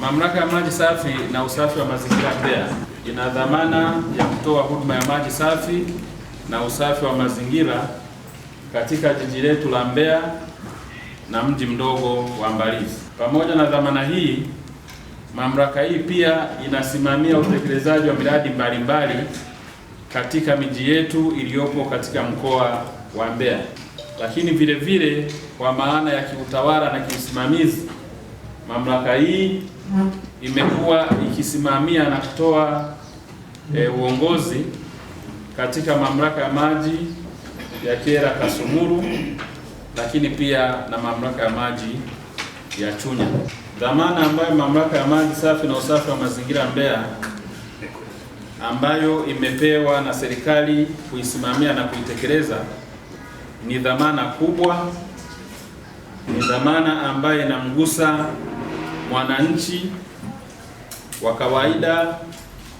Mamlaka ya maji safi na usafi wa mazingira Mbeya ina dhamana ya kutoa huduma ya maji safi na usafi wa mazingira katika jiji letu la Mbeya na mji mdogo wa Mbalizi. Pamoja na dhamana hii, mamlaka hii pia inasimamia utekelezaji wa miradi mbalimbali katika miji yetu iliyopo katika mkoa wa Mbeya, lakini vile vile kwa maana ya kiutawala na kiusimamizi, mamlaka hii imekuwa ikisimamia na kutoa e, uongozi katika mamlaka ya maji ya Kyela Kasumulu, lakini pia na mamlaka ya maji ya Chunya. Dhamana ambayo mamlaka ya maji safi na usafi wa mazingira Mbeya ambayo imepewa na serikali kuisimamia na kuitekeleza ni dhamana kubwa, ni dhamana ambayo inamgusa mwananchi wa kawaida,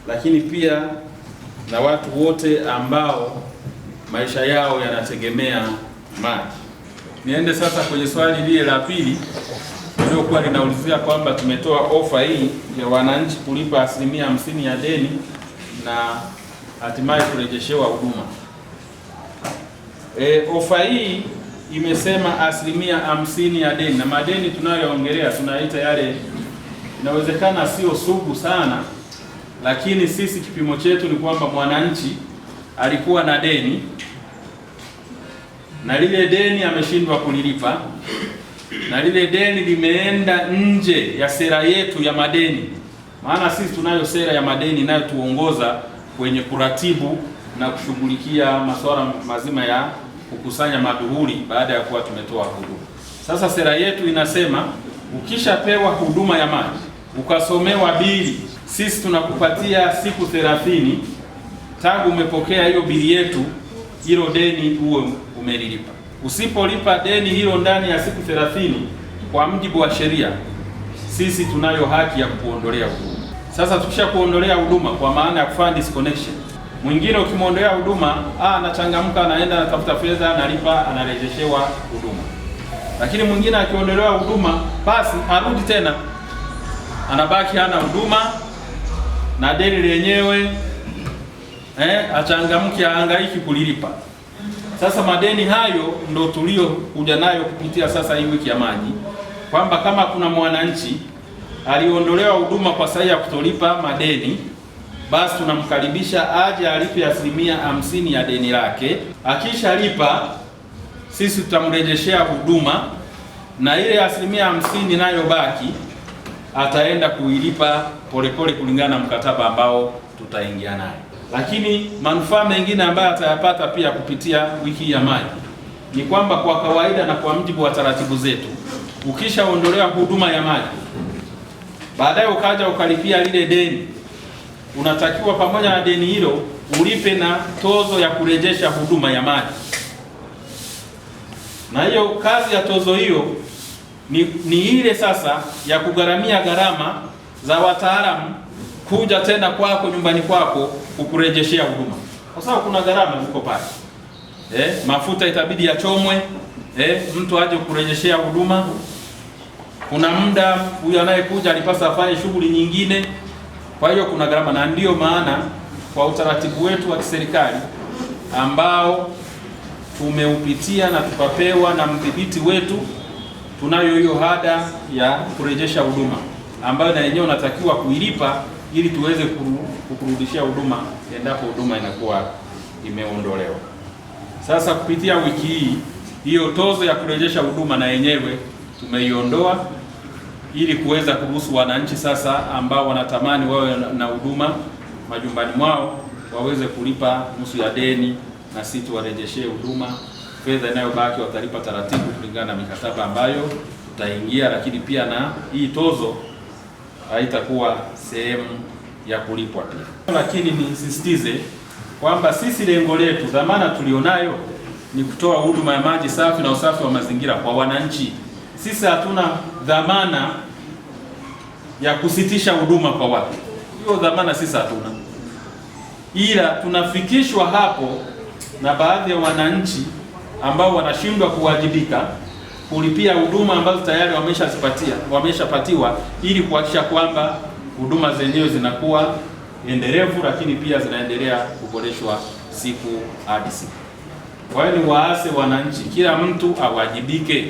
lakini pia na watu wote ambao maisha yao yanategemea maji. Niende sasa kwenye swali lile la pili lililokuwa linaulizia kwamba tumetoa ofa hii ya wananchi kulipa asilimia hamsini ya deni na hatimaye kurejeshewa huduma. E, ofa hii imesema asilimia hamsini ya deni, na madeni tunayoongelea tunaita yale inawezekana sio sugu sana, lakini sisi kipimo chetu ni kwamba mwananchi alikuwa na deni na lile deni ameshindwa kulilipa, na lile deni limeenda nje ya sera yetu ya madeni. Maana sisi tunayo sera ya madeni inayotuongoza kwenye kuratibu na kushughulikia masuala mazima ya kukusanya maduhuli baada ya kuwa tumetoa huduma. Sasa sera yetu inasema ukishapewa huduma ya maji ukasomewa bili, sisi tunakupatia siku thelathini tangu umepokea hiyo bili yetu, hilo deni uwe umelilipa. Usipolipa deni hilo ndani ya siku thelathini, kwa mujibu wa sheria, sisi tunayo haki ya kukuondolea huduma. Sasa tukishakuondolea huduma, kwa maana ya kufanya disconnection Mwingine ukimwondolea huduma, ah, anachangamka, anaenda anatafuta fedha, analipa, anarejeshewa huduma. Lakini mwingine akiondolewa huduma, basi harudi tena, anabaki hana huduma na deni lenyewe eh, achangamke, ahangaiki kulilipa. Sasa madeni hayo ndo tulio kuja nayo kupitia sasa hii wiki ya maji, kwamba kama kuna mwananchi aliondolewa huduma kwa sababu ya kutolipa madeni basi tunamkaribisha aje alipe asilimia hamsini ya deni lake. Akishalipa sisi tutamrejeshea huduma na ile asilimia hamsini inayobaki ataenda kuilipa polepole kulingana na mkataba ambao tutaingia naye. Lakini manufaa mengine ambayo atayapata pia kupitia wiki ya maji ni kwamba kwa kawaida na kwa mjibu wa taratibu zetu, ukishaondolewa huduma ya maji, baadaye ukaja ukalipia lile deni unatakiwa pamoja na deni hilo ulipe na tozo ya kurejesha huduma ya maji, na hiyo kazi ya tozo hiyo ni, ni ile sasa ya kugharamia gharama za wataalamu kuja tena kwako nyumbani kwako kukurejeshea huduma, kwa sababu kuna gharama ziko pale eh, mafuta itabidi yachomwe eh, mtu aje kurejeshea huduma. Kuna muda huyu anayekuja alipasa afanye shughuli nyingine. Kwa hiyo kuna gharama, na ndiyo maana kwa utaratibu wetu wa kiserikali ambao tumeupitia na tukapewa na mdhibiti wetu, tunayo hiyo ada ya kurejesha huduma ambayo na yenyewe unatakiwa kuilipa ili tuweze kukurudishia huduma endapo huduma inakuwa imeondolewa. Sasa kupitia wiki hii hiyo tozo ya kurejesha huduma na yenyewe tumeiondoa ili kuweza kuruhusu wananchi sasa ambao wanatamani wawe na huduma majumbani mwao waweze kulipa nusu ya deni, na sisi tuwarejeshee huduma. Fedha inayobaki watalipa taratibu kulingana na mikataba ambayo tutaingia, lakini pia na hii tozo haitakuwa sehemu ya kulipwa pia. Lakini nisisitize kwamba sisi lengo letu, dhamana tulionayo ni kutoa huduma ya maji safi na usafi wa mazingira kwa wananchi. Sisi hatuna dhamana ya kusitisha huduma kwa watu, hiyo dhamana sisi hatuna, ila tunafikishwa hapo na baadhi ya wananchi ambao wanashindwa kuwajibika kulipia huduma ambazo tayari wameshazipatia wameshapatiwa, ili kuhakikisha kwamba huduma zenyewe zinakuwa endelevu, lakini pia zinaendelea kuboreshwa siku hadi siku. Kwa hiyo ni waase wananchi, kila mtu awajibike,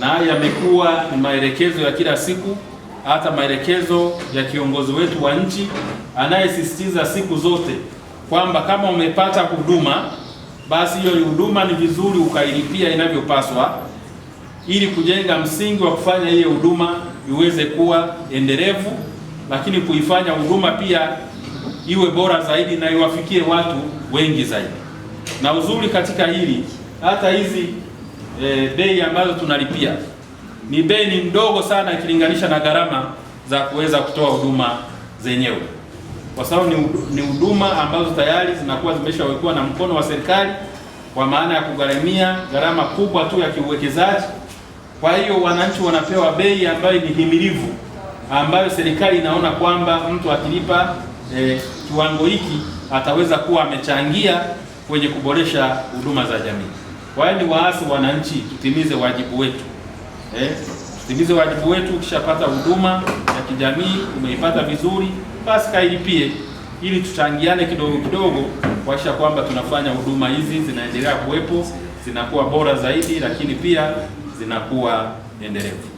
na haya yamekuwa ni maelekezo ya kila siku hata maelekezo ya kiongozi wetu wa nchi anayesisitiza siku zote kwamba kama umepata huduma basi hiyo huduma ni vizuri ukailipia inavyopaswa, ili kujenga msingi wa kufanya hiyo huduma iweze kuwa endelevu, lakini kuifanya huduma pia iwe bora zaidi na iwafikie watu wengi zaidi. Na uzuri katika hili hata hizi e, bei ambazo tunalipia ni bei ni mdogo sana ikilinganisha na gharama za kuweza kutoa huduma zenyewe, kwa sababu ni huduma ambazo tayari zinakuwa zimeshawekwa na mkono wa serikali, kwa maana ya kugharamia gharama kubwa tu ya kiuwekezaji. Kwa hiyo wananchi wanapewa bei ambayo ni himilivu, ambayo serikali inaona kwamba mtu akilipa eh, kiwango hiki ataweza kuwa amechangia kwenye kuboresha huduma za jamii. Kwa hiyo ni waasi wananchi, tutimize wajibu wetu eh, wajibu wetu. Ukishapata huduma ya kijamii umeipata vizuri, basi kailipie, ili tuchangiane kidogo kidogo kuhakikisha kwamba tunafanya huduma hizi zinaendelea kuwepo, zinakuwa bora zaidi, lakini pia zinakuwa endelevu.